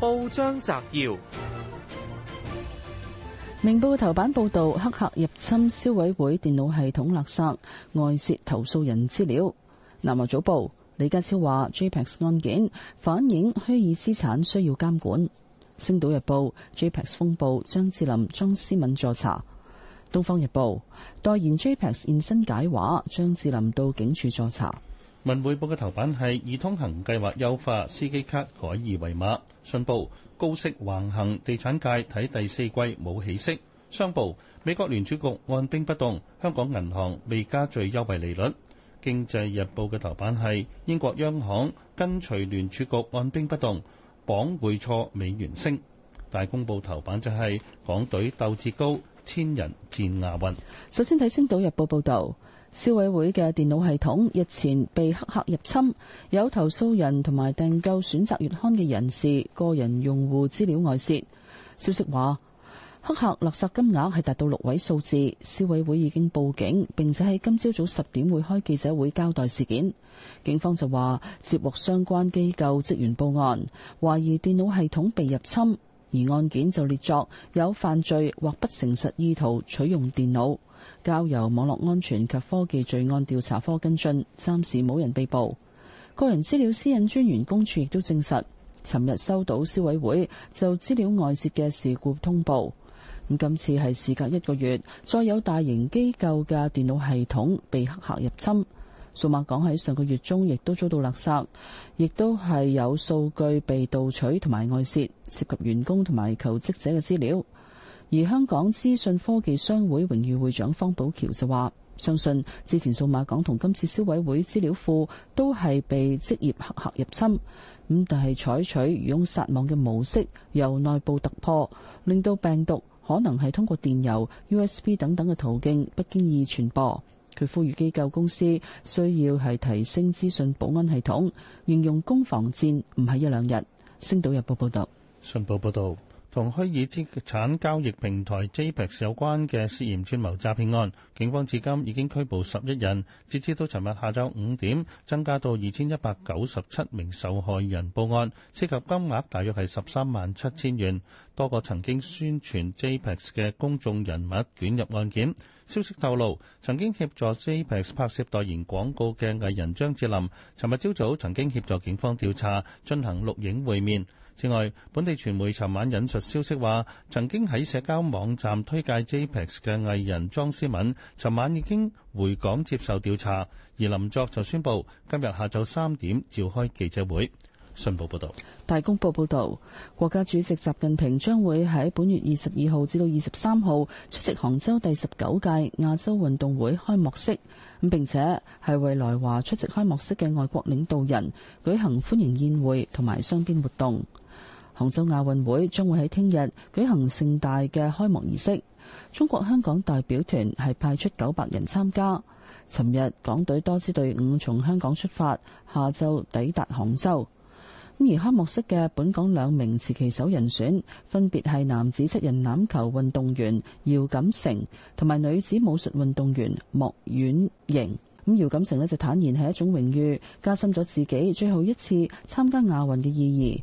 報章摘要：明報頭版報道黑客入侵消委會電腦系統，勒索，外泄投訴人資料。南華早報李家超話 JPEX 案件反映虛擬資產需要監管。星島日報 JPEX 風暴，張智霖、莊思敏助查。東方日報代言 JPEX 現身解話，張智霖到警署助查。文匯報嘅頭版係以通行計劃優化，司機卡改二維碼。信報高息橫行，地產界睇第四季冇起色。商報美國聯儲局按兵不動，香港銀行未加最優惠利率。經濟日報嘅頭版係英國央行跟隨聯儲局按兵不動，鎊匯挫美元升。大公報頭版就係、是、港隊鬥志高，千人戰亞運。首先睇《星島日報,報道》報導。消委會嘅電腦系統日前被黑客入侵，有投訴人同埋訂購選擇月刊嘅人士個人用戶資料外泄。消息話黑客勒索金額係達到六位數字，消委會已經報警，並且喺今朝早十點會開記者會交代事件。警方就話接獲相關機構職員報案，懷疑電腦系統被入侵，而案件就列作有犯罪或不誠實意圖取用電腦。交由網絡安全及科技罪案調查科跟進，暫時冇人被捕。個人資料私隱專員公署亦都證實，尋日收到消委會就資料外泄嘅事故通報。咁今次係事隔一個月，再有大型機構嘅電腦系統被黑客入侵。數碼港喺上個月中亦都遭到勒索，亦都係有數據被盜取同埋外泄，涉及員工同埋求職者嘅資料。而香港資訊科技商會榮譽會長方保僑就話：相信之前數碼港同今次消委會資料庫都係被職業黑客，客入侵，咁但係採取漁翁撒網嘅模式，由內部突破，令到病毒可能係通過電郵、USB 等等嘅途徑不經意傳播。佢呼籲機構公司需要係提升資訊保安系統，應用攻防戰，唔係一兩日。星島日報報道。信報報導。同虛擬資產交易平台 JPEX 有關嘅涉嫌串謀詐騙案，警方至今已經拘捕十一人。截至到尋日下晝五點，增加到二千一百九十七名受害人報案，涉及金額大約係十三萬七千元。多個曾經宣傳 JPEX 嘅公眾人物捲入案件。消息透露，曾經協助 JPEX 拍攝代言廣告嘅藝人張智霖，尋日朝早曾經協助警方調查，進行錄影會面。之外，本地傳媒尋晚引述消息話，曾經喺社交網站推介 JPEX 嘅藝人莊思敏，尋晚已經回港接受調查。而林作就宣布今日下晝三點召開記者會。信報報道：「大公報報道，國家主席習近平將會喺本月二十二號至到二十三號出席杭州第十九屆亞洲運動會開幕式，咁並且係為來華出席開幕式嘅外國領導人舉行歡迎宴會同埋雙邊活動。杭州亞運會將會喺聽日舉行盛大嘅開幕儀式。中國香港代表團係派出九百人參加。尋日港隊多支隊伍從香港出發，下晝抵達杭州。咁而開幕式嘅本港兩名持旗手人選分別係男子七人欖球運動員姚錦成同埋女子武術運動員莫婉瑩。咁姚錦成咧就坦言係一種榮譽，加深咗自己最後一次參加亞運嘅意義。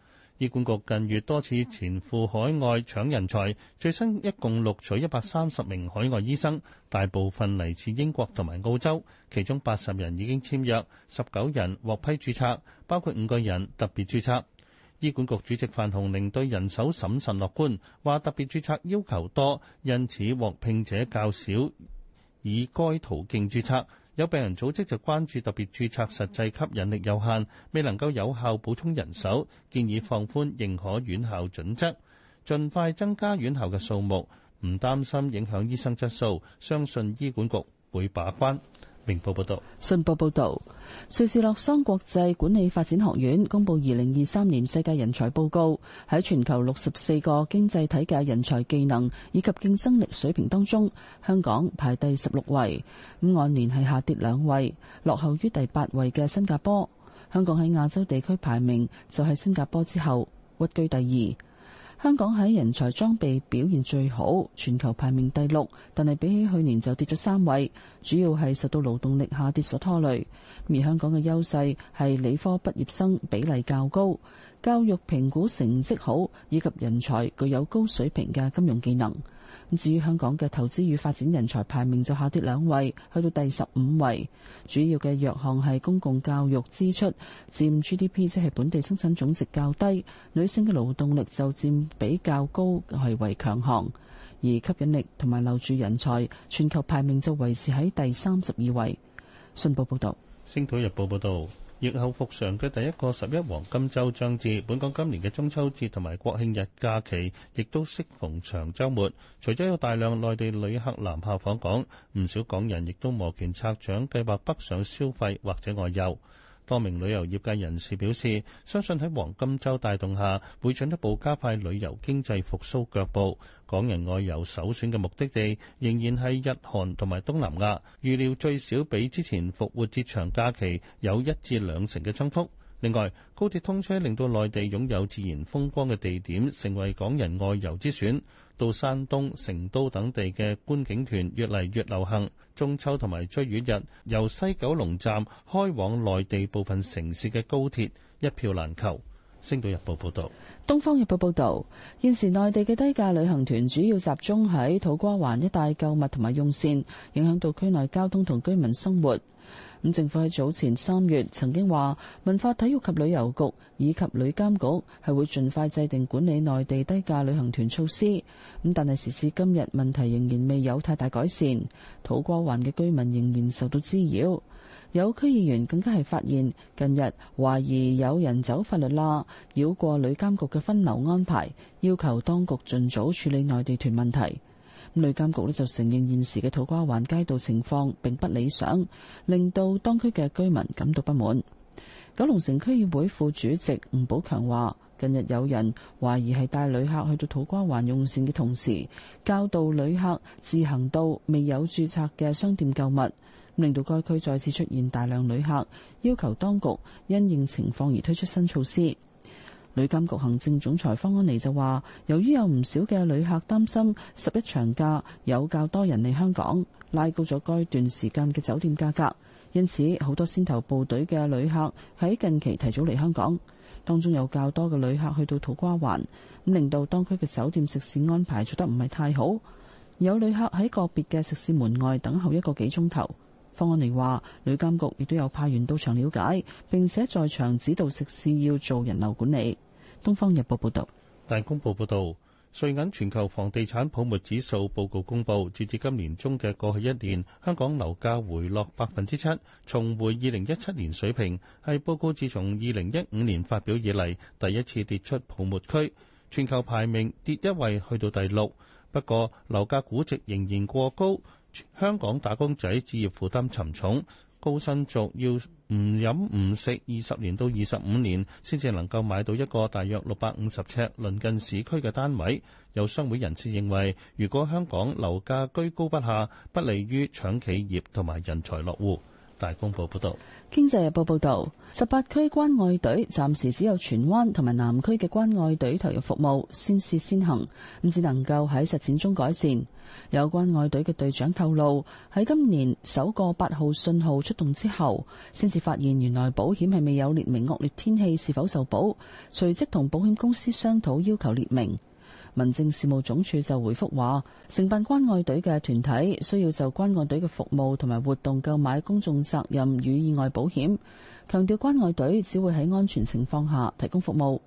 醫管局近月多次前赴海外搶人才，最新一共錄取一百三十名海外醫生，大部分嚟自英國同埋澳洲，其中八十人已經簽約，十九人獲批註冊，包括五個人特別註冊。醫管局主席范鴻齡對人手審慎樂觀，話特別註冊要求多，因此獲聘者較少，以該途徑註冊。有病人組織就關注特別註冊實際吸引力有限，未能夠有效補充人手，建議放寬認可院校準則，盡快增加院校嘅數目，唔擔心影響醫生質素，相信醫管局會把關。明報報道。信報報道，瑞士洛桑國際管理發展學院公布二零二三年世界人才報告，喺全球六十四個經濟體嘅人才技能以及競爭力水平當中，香港排第十六位，咁按年係下跌兩位，落後於第八位嘅新加坡。香港喺亞洲地區排名就係新加坡之後，屈居第二。香港喺人才裝備表現最好，全球排名第六，但係比起去年就跌咗三位，主要係受到勞動力下跌所拖累，而香港嘅優勢係理科畢業生比例較高，教育評估成績好，以及人才具有高水平嘅金融技能。至於香港嘅投資與發展人才排名就下跌兩位，去到第十五位。主要嘅弱項係公共教育支出佔 GDP，即係本地生產總值較低。女性嘅勞動力就佔比較高係為強項，而吸引力同埋留住人才全球排名就維持喺第三十二位。信報報導，《星島日報》報導。疫後復常嘅第一個十一黃金週將至，本港今年嘅中秋節同埋國慶日假期亦都適逢長週末，除咗有大量內地旅客南下訪港，唔少港人亦都摩拳擦掌，計劃北上消費或者外遊。多名旅遊業界人士表示，相信喺黃金週帶動下，會進一步加快旅遊經濟復甦腳步。港人外遊首選嘅目的地仍然係日韓同埋東南亞，預料最少比之前復活節長假期有一至兩成嘅增幅。另外，高鐵通車令到內地擁有自然風光嘅地點成為港人外遊之選，到山東、成都等地嘅觀景團越嚟越流行。中秋同埋追月日，由西九龍站開往內地部分城市嘅高鐵一票難求。星島日報報道，東方日報報道，現時內地嘅低價旅行團主要集中喺土瓜灣一帶購物同埋用膳，影響到區內交通同居民生活。咁政府喺早前三月曾經話文化體育及旅遊局以及旅監局係會盡快制定管理內地低價旅行團措施，咁但係時至今日問題仍然未有太大改善，土瓜灣嘅居民仍然受到滋擾。有區議員更加係發現近日懷疑有人走法律罅，繞過旅監局嘅分流安排，要求當局盡早處理內地團問題。旅監局呢就承認，現時嘅土瓜灣街道情況並不理想，令到當區嘅居民感到不滿。九龍城區議會副主席吳寶強話，近日有人懷疑係帶旅客去到土瓜灣用膳嘅同時，教導旅客自行到未有註冊嘅商店購物，令到該區再次出現大量旅客，要求當局因應情況而推出新措施。旅監局行政總裁方安妮就話，由於有唔少嘅旅客擔心十一長假有較多人嚟香港，拉高咗該段時間嘅酒店價格，因此好多先頭部隊嘅旅客喺近期提早嚟香港，當中有較多嘅旅客去到土瓜灣，咁令到當區嘅酒店食肆安排做得唔係太好，有旅客喺個別嘅食肆門外等候一個幾鐘頭。方安娜話：，女監局亦都有派員到場了解，並且在場指導食肆要做人流管理。《東方日報》報道，《大公報》報道，《瑞銀全球房地產泡沫指數報告》公佈，截至今年中嘅過去一年，香港樓價回落百分之七，重回二零一七年水平，係報告自從二零一五年發表以嚟第一次跌出泡沫區，全球排名跌一位去到第六。不過樓價估值仍然過高。香港打工仔置業負擔沉重，高薪族要唔飲唔食二十年到二十五年，先至能夠買到一個大約六百五十尺鄰近市區嘅單位。有商會人士認為，如果香港樓價居高不下，不利於搶企業同埋人才落戶。大公報報道，《經濟日報》報道，十八區關愛隊暫時只有荃灣同埋南區嘅關愛隊投入服務，先試先行，咁至能夠喺實踐中改善。有關愛隊嘅隊長透露，喺今年首個八號信號出動之後，先至發現原來保險係未有列明惡劣天氣是否受保，隨即同保險公司商討要求列明。民政事務總署就回覆話，承辦關愛隊嘅團體需要就關愛隊嘅服務同埋活動購買公眾責任與意外保險，強調關愛隊只會喺安全情況下提供服務。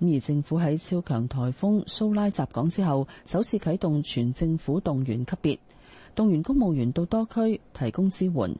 咁而政府喺超強颱風蘇拉襲港之後，首次啟動全政府動員級別，動員公務員到多區提供支援。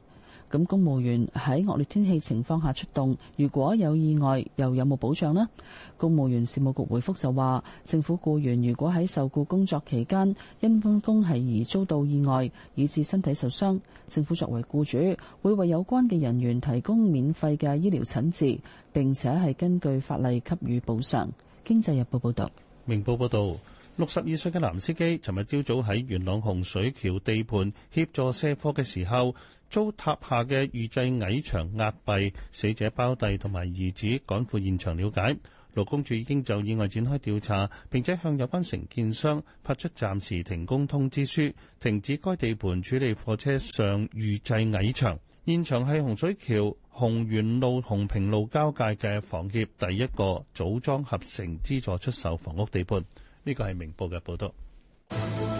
咁，公務員喺惡劣天氣情況下出動，如果有意外，又有冇保障呢？公務員事務局回覆就話，政府雇員如果喺受雇工作期間因公係而遭到意外，以致身體受傷，政府作為雇主會為有關嘅人員提供免費嘅醫療診治，並且係根據法例給予補償。經濟日報報導，明報報導，六十二歲嘅男司機尋日朝早喺元朗洪水橋地盤協助卸坡嘅時候，遭塌下嘅預製矮牆壓斃，死者胞弟同埋兒子趕赴現場了解。勞工處已經就意外展開調查，並且向有關承建商發出暫時停工通知書，停止該地盤處理貨車上預製矮牆。現場係洪水橋洪源路洪平路交界嘅房協第一個組裝合成資助出售房屋地盤。呢、這個係明報嘅報導。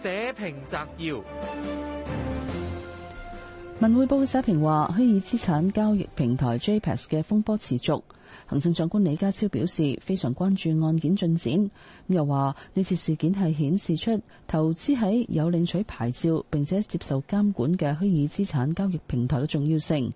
社評摘要：文匯報嘅社評話，虛擬資產交易平台 JPEX 嘅風波持續，行政長官李家超表示非常關注案件進展，又話呢次事件係顯示出投資喺有領取牌照並且接受監管嘅虛擬資產交易平台嘅重要性。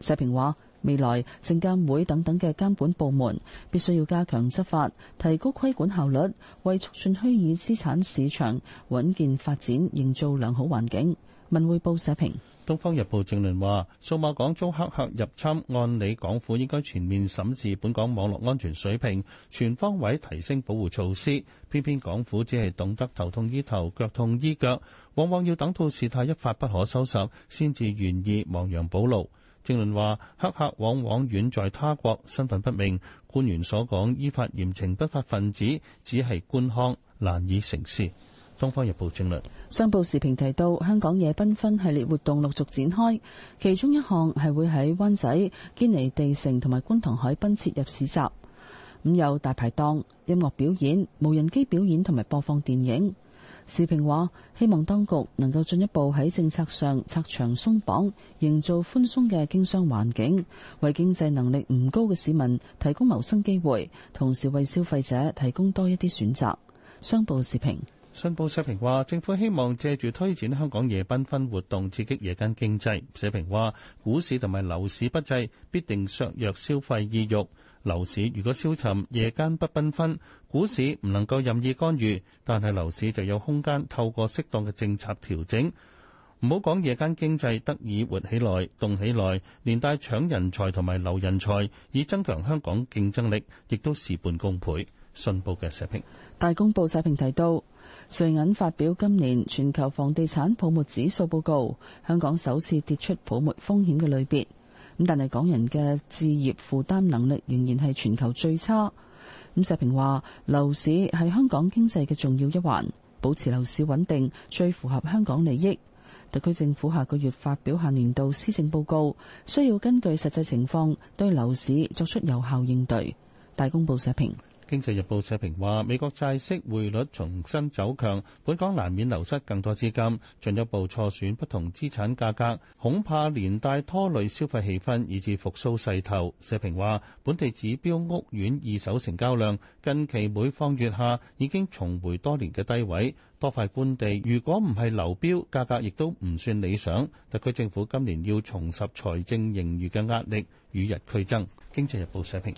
社評話。未來證監會等等嘅監管部門必須要加強執法，提高規管效率，為促進虛擬資產市場穩健發展營造良好環境。文匯報社評，《東方日報》政論話：數碼港中黑客入侵，按理港府應該全面審視本港網絡安全水平，全方位提升保護措施，偏偏港府只係懂得頭痛醫頭、腳痛醫腳，往往要等到事態一發不可收拾，先至願意亡羊補牢。政論話黑客往往遠在他國，身份不明。官員所講依法嚴懲不法分子，只係官腔，難以成事。東方日報政論。商報時評提到，香港夜繽紛系列活動陸續展開，其中一項係會喺灣仔堅尼地城同埋觀塘海濱設立市集，咁有大排檔、音樂表演、無人機表演同埋播放電影。時評話：希望當局能夠進一步喺政策上拆牆鬆綁，營造寬鬆嘅經商環境，為經濟能力唔高嘅市民提供謀生機會，同時為消費者提供多一啲選擇。商報時評。信報社評話，政府希望藉住推展香港夜繽紛活動，刺激夜間經濟。社評話，股市同埋樓市不濟，必定削弱消費意欲。樓市如果消沉，夜間不繽紛，股市唔能夠任意干預，但係樓市就有空間透過適當嘅政策調整。唔好講夜間經濟得以活起來、動起來，連帶搶人才同埋留人才，以增強香港競爭力，亦都事半功倍。信報嘅社評。大公報社評提到。瑞銀發表今年全球房地產泡沫指數報告，香港首次跌出泡沫風險嘅類別。咁但係港人嘅置業負擔能力仍然係全球最差。咁社評話樓市係香港經濟嘅重要一環，保持樓市穩定最符合香港利益。特區政府下個月發表下年度施政報告，需要根據實際情況對樓市作出有效應對。大公報社評。經濟日報社評話：美國債息匯率重新走強，本港難免流失更多資金，進一步錯選不同資產價格，恐怕連帶拖累消費氣氛，以至復甦勢頭。社評話：本地指標屋苑二手成交量近期每況愈下，已經重回多年嘅低位。多塊官地如果唔係流標，價格亦都唔算理想。特區政府今年要重拾財政盈餘嘅壓力，與日俱增。經濟日報社評。